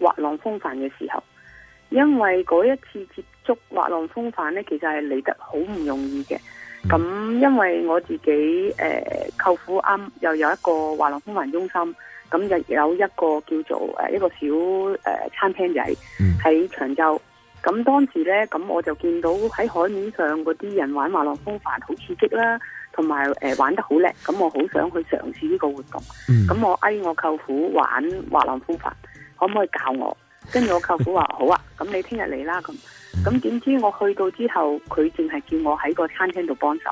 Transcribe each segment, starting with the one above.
滑浪風帆嘅時候，因為嗰一次接觸滑浪風帆咧，其實係嚟得好唔容易嘅。咁、嗯、因為我自己誒、呃，舅父啱又有一個滑浪風帆中心，咁又有一個叫做誒一個小誒、呃、餐廳仔喺、嗯、長洲。咁、嗯、當時咧，咁我就見到喺海面上嗰啲人玩滑浪風帆好刺激啦，同埋誒玩得好叻。咁我好想去嘗試呢個活動。咁我嗌我舅父玩滑浪風帆。可唔可以教我？跟住我舅父話 好啊，咁你聽日嚟啦咁。咁點知我去到之後，佢淨係叫我喺個餐廳度幫手，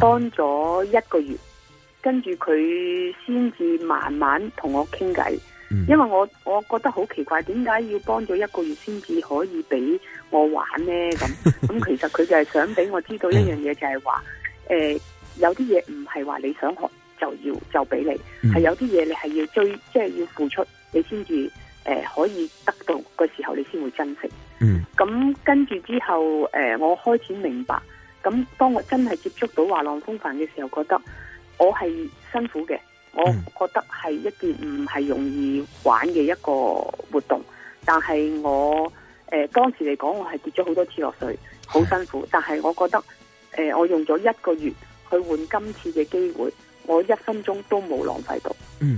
幫、啊、咗一個月。跟住佢先至慢慢同我傾偈，嗯、因為我我覺得好奇怪，點解要幫咗一個月先至可以俾我玩呢？咁咁其實佢就係想俾我知道一樣嘢，嗯、就係話誒，有啲嘢唔係話你想學就要就俾你，係、嗯、有啲嘢你係要追，即、就、係、是、要付出你先至。誒、呃，可以得到嘅時候，你先會珍惜。嗯，咁跟住之後，誒、呃，我開始明白。咁當我真係接觸到滑浪風帆嘅時候，覺得我係辛苦嘅，我覺得係一件唔係容易玩嘅一個活動。嗯、但係我誒、呃，當時嚟講，我係跌咗好多次落水，好辛苦。但係我覺得，誒、呃，我用咗一個月去換今次嘅機會。我一分鐘都冇浪費到，咁、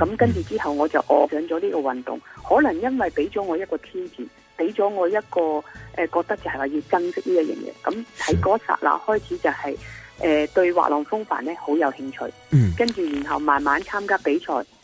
嗯、跟住之後我就愛上咗呢個運動。可能因為俾咗我一個天賦，俾咗我一個誒、呃、覺得就係話要珍惜呢一樣嘢。咁喺嗰剎那開始就係、是、誒、呃、對滑浪風帆咧好有興趣，嗯、跟住然後慢慢參加比賽。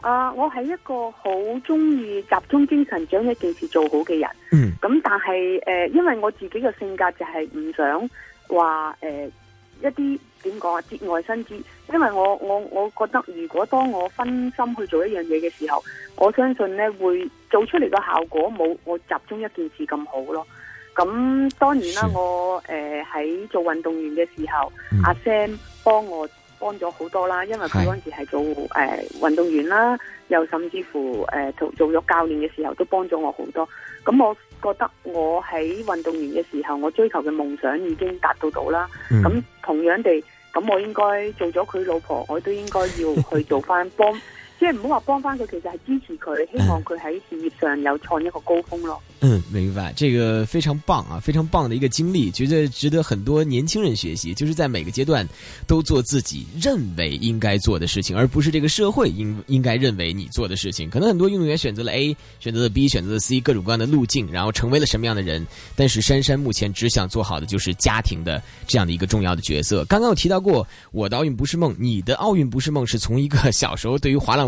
啊！我係一個好中意集中精神將一件事做好嘅人。嗯，咁但係誒、呃，因為我自己嘅性格就係唔想話誒、呃、一啲點講啊，節外生枝。因為我我我覺得如果當我分心去做一樣嘢嘅時候，我相信呢會做出嚟嘅效果冇我集中一件事咁好咯。咁當然啦，我誒喺、呃、做運動員嘅時候，阿 Sam 幫我。幫咗好多啦，因為佢嗰陣時係做誒、呃、運動員啦，又甚至乎誒、呃、做做咗教練嘅時候都幫咗我好多。咁我覺得我喺運動員嘅時候，我追求嘅夢想已經達到到啦。咁同樣地，咁我應該做咗佢老婆，我都應該要去做翻幫。即係唔好話幫翻佢，其實係支持佢，希望佢喺事業上有創一個高峰咯。嗯，明白，這個非常棒啊，非常棒的一個經歷，覺得值得很多年輕人學習。就是在每個階段都做自己認為應該做的事情，而不是這個社會應應該認為你做的事情。可能很多運動員選擇了 A，選擇了 B，選擇了 C，各種各樣的路徑，然後成為了什麼樣的人。但是珊珊目前只想做好的就是家庭的這樣的一個重要的角色。剛剛有提到過，我的奧運不是夢，你的奧運不是夢，是從一個小時候對於滑浪。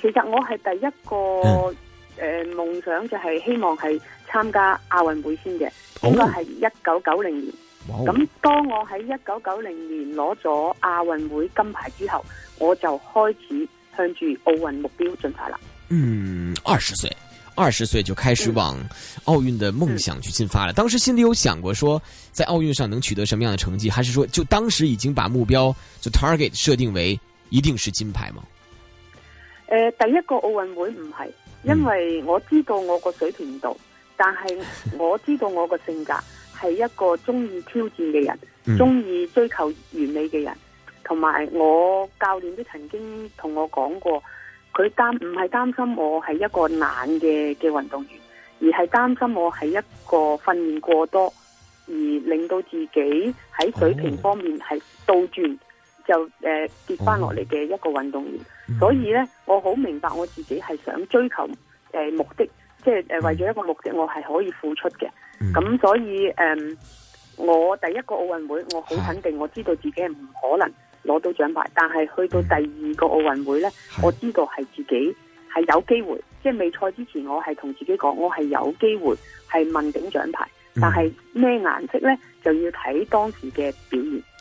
其實我係第一個誒、嗯呃、夢想，就係希望係參加亞運會先嘅，應該係一九九零年。咁、哦、當我喺一九九零年攞咗亞運會金牌之後，我就開始向住奧運目標進發啦。嗯，二十歲，二十歲就開始往奧運的夢想去進發了、嗯嗯、當時心裏有想過，說在奧運上能取得什麼樣的成績，還是說就當時已經把目標就 target 設定為一定是金牌嗎？誒、呃，第一個奧運會唔係，因為我知道我個水平度，但係我知道我個性格係一個中意挑戰嘅人，中、嗯、意追求完美嘅人，同埋我教練都曾經同我講過，佢擔唔係擔心我係一個懶嘅嘅運動員，而係擔心我係一個訓練過多而令到自己喺水平方面係倒轉、哦，就誒、呃、跌翻落嚟嘅一個運動員。Mm-hmm. 所以咧，我好明白我自己係想追求誒目的，即係誒為咗一個目的，我係可以付出嘅。咁、mm-hmm. 所以誒，um, 我第一個奧運會，我好肯定，我知道自己係唔可能攞到獎牌。Mm-hmm. 但係去到第二個奧運會咧，我知道係自己係有機會，即、就、係、是、未賽之前我是跟，我係同自己講，我係有機會係問鼎獎牌。Mm-hmm. 但係咩顏色咧，就要睇當時嘅表現。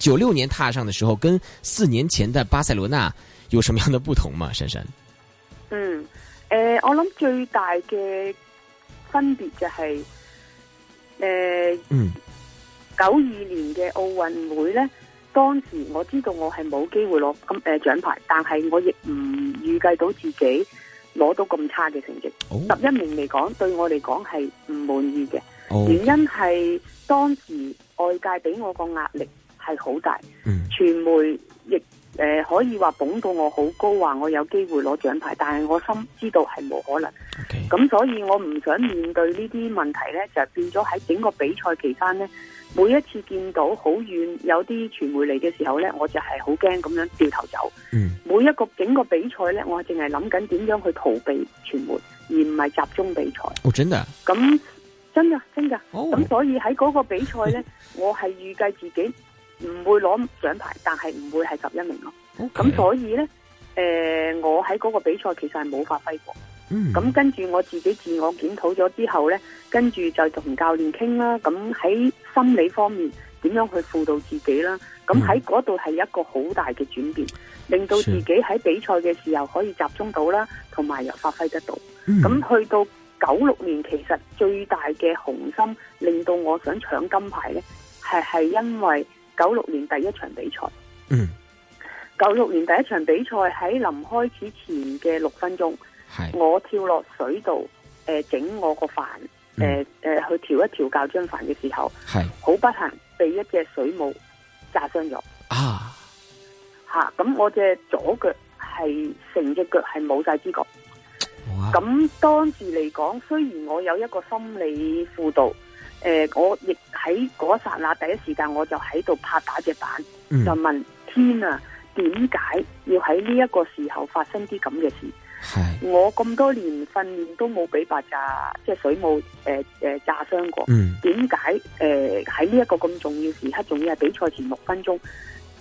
九六年踏上的時候，跟四年前的巴塞羅那有什麼樣的不同嗎？珊珊，嗯，誒、呃，我諗最大嘅分別就係、是、誒，九、呃、二、嗯、年嘅奧運會呢。當時我知道我係冇機會攞咁誒獎牌，但係我亦唔預計到自己攞到咁差嘅成績。十一名嚟講，對我嚟講係唔滿意嘅、哦，原因係當時外界俾我個壓力。係好大，傳媒、嗯、亦誒、呃、可以話捧到我好高，話我有機會攞獎牌，但係我心知道係冇可能。咁、okay. 所以我唔想面對呢啲問題呢，就變咗喺整個比賽期間呢，每一次見到好遠有啲傳媒嚟嘅時候呢，我就係好驚咁樣掉頭走。嗯，每一個整個比賽呢，我淨係諗緊點樣去逃避傳媒，而唔係集中比賽。哦、oh, 真的？咁真㗎，真㗎。咁所以喺嗰個比賽呢，我係預計自己。 唔會攞獎牌，但係唔會係十一名咯。咁、okay. 所以呢，誒、呃，我喺嗰個比賽其實係冇發揮過。咁、mm. 跟住我自己自我檢討咗之後呢，跟住就同教練傾啦。咁喺心理方面點樣去輔導自己啦？咁喺嗰度係一個好大嘅轉變，mm. 令到自己喺比賽嘅時候可以集中到啦，同埋又發揮得到。咁、mm. 去到九六年，其實最大嘅雄心令到我想搶金牌呢，係係因為。九六年第一場比賽，嗯，九六年第一場比賽喺臨開始前嘅六分鐘，係我跳落水度，誒、呃，整我個帆，誒、嗯，誒、呃呃，去調一調較張帆嘅時候，係好不幸被一隻水母炸傷咗啊！吓、啊，咁我隻左腳係成隻腳係冇晒知覺，咁當時嚟講，雖然我有一個心理輔導。誒、呃，我亦喺嗰剎那，第一時間我就喺度拍打隻板，嗯，就問天啊，點解要喺呢一個時候發生啲咁嘅事？我咁多年訓練都冇俾白炸，即、就、係、是、水母誒誒炸傷過。點解誒喺呢一個咁重要時刻，仲要係比賽前六分鐘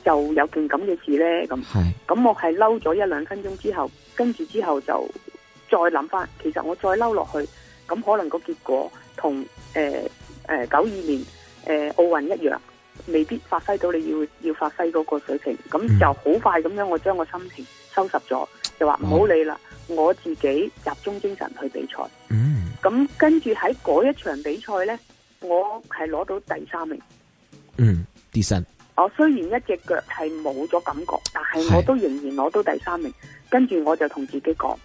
就有件咁嘅事咧？咁咁我係嬲咗一兩分鐘之後，跟住之後就再諗返。其實我再嬲落去，咁可能個結果同誒。呃誒、呃，九二年誒奧運一樣，未必發揮到你要要發揮嗰個水平，咁就好快咁樣，我將個心情收拾咗、嗯，就話唔好理啦，我自己集中精神去比賽。嗯，咁跟住喺嗰一場比賽呢，我係攞到第三名。嗯，第三。我雖然一隻腳係冇咗感覺，但係我都仍然攞到第三名。跟住我就同自己講。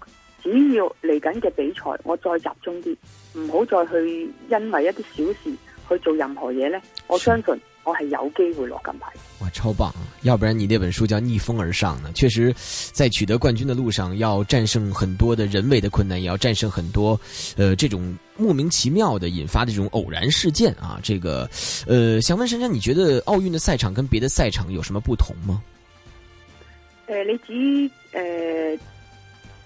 只要嚟緊嘅比賽，我再集中啲，唔好再去因為一啲小事去做任何嘢呢，我相信我係有機會落金牌。哇，超棒啊！要不然你那本書叫《逆風而上》呢？確實，在取得冠軍的路上，要戰勝很多的人為的困難，也要戰勝很多，呃，這種莫名其妙的引發的這種偶然事件啊。這個，呃，想問珊珊，你覺得奧運的賽場跟別的賽場有什麼不同嗎？誒、呃，你指誒？呃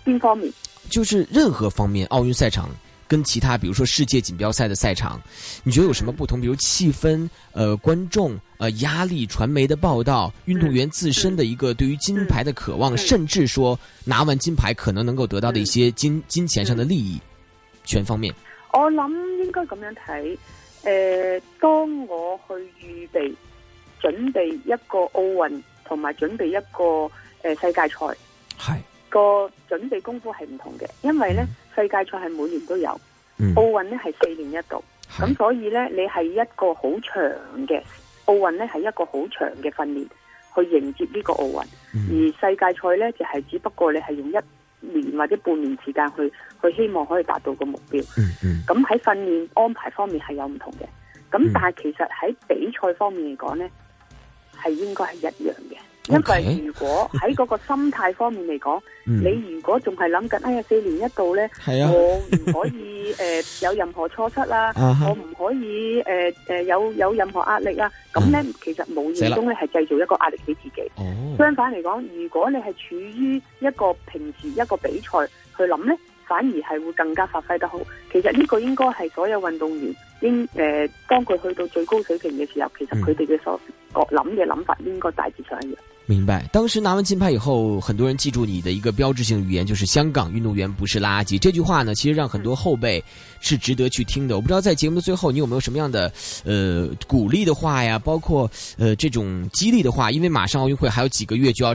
邊方面，就是任何方面，奧運賽場跟其他，比如說世界錦標賽的賽場，你覺得有什麼不同？嗯、比如氣氛、呃觀眾、呃壓力、傳媒的報道、運動員自身的一個對於金牌的渴望，嗯嗯、甚至說拿完金牌可能能夠得到的一些金、嗯、金錢上的利益，嗯嗯、全方面。我諗應該咁樣睇、呃，當我去預備準備一個奧運同埋準備一個、呃、世界賽，係。個準備功夫係唔同嘅，因為呢世界賽係每年都有，嗯、奧運呢係四年一度，咁所以呢，你係一個好長嘅奧運呢，係一個好長嘅訓練去迎接呢個奧運、嗯，而世界賽呢，就係、係、只不過你係用一年或者半年時間去去希望可以達到個目標，咁、嗯、喺、嗯、訓練安排方面係有唔同嘅，咁、嗯、但係其實喺比賽方面嚟講呢，係應該係一樣嘅。Okay? 因為如果喺嗰個心態方面嚟講、嗯，你如果仲係諗緊哎呀四年一度呢、啊，我唔可以誒、 呃、有任何錯失啦，我唔可以誒誒、呃、有有任何壓力啊，咁呢、嗯，其實冇意中呢係製造一個壓力俾自己。相反嚟講，如果你係處於一個平時一個比賽去諗呢。反而係會更加發揮得好。其實呢個應該係所有運動員應誒、呃，當佢去到最高水平嘅時候，其實佢哋嘅所諗嘅諗法都應該大致上一樣。明白。當時拿完金牌以後，很多人記住你的一個標誌性語言就是“香港運動員不是垃圾”這句話呢，其實讓很多後輩是值得去聽的。我不知道在節目的最後，你有沒有什麼樣嘅、誒、呃、鼓勵的話呀？包括誒、呃、這種激勵的話，因為馬上奧運會還有幾個月就要。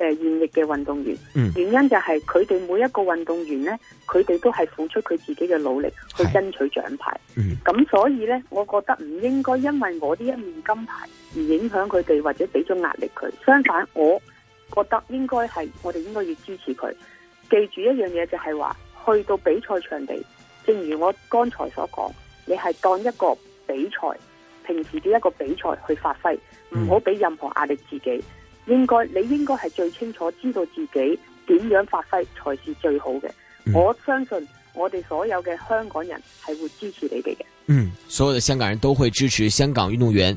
誒、呃，現役嘅運動員、嗯，原因就係佢哋每一個運動員呢，佢哋都係付出佢自己嘅努力去爭取獎牌。咁、嗯、所以呢，我覺得唔應該因為我呢一面金牌而影響佢哋或者俾咗壓力佢。相反，我覺得應該係我哋應該要支持佢。記住一樣嘢就係話，去到比賽場地，正如我剛才所講，你係當一個比賽，平時嘅一個比賽去發揮，唔好俾任何壓力自己。嗯嗯應該，你應該係最清楚知道自己點樣發揮才是最好嘅。嗯，我相信我哋所有嘅香港人係會支持你哋嘅。嗯，所有的香港人都會支持香港運動員。